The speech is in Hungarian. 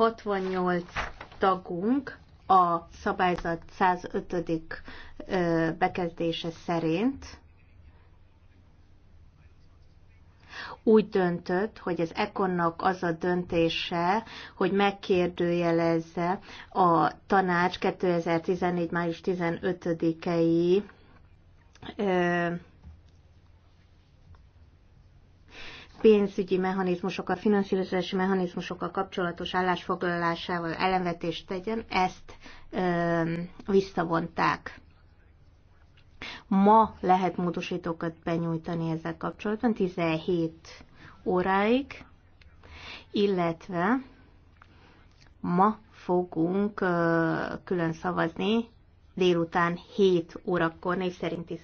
68 tagunk a szabályzat 105. bekezdése szerint úgy döntött, hogy az Ekonnak az a döntése, hogy megkérdőjelezze a tanács 2014. május 15-i pénzügyi mechanizmusokkal, finanszírozási mechanizmusokkal kapcsolatos állásfoglalásával ellenvetést tegyen, ezt ö, visszavonták. Ma lehet módosítókat benyújtani ezzel kapcsolatban 17 óráig, illetve ma fogunk ö, külön szavazni délután 7 órakor név szerinti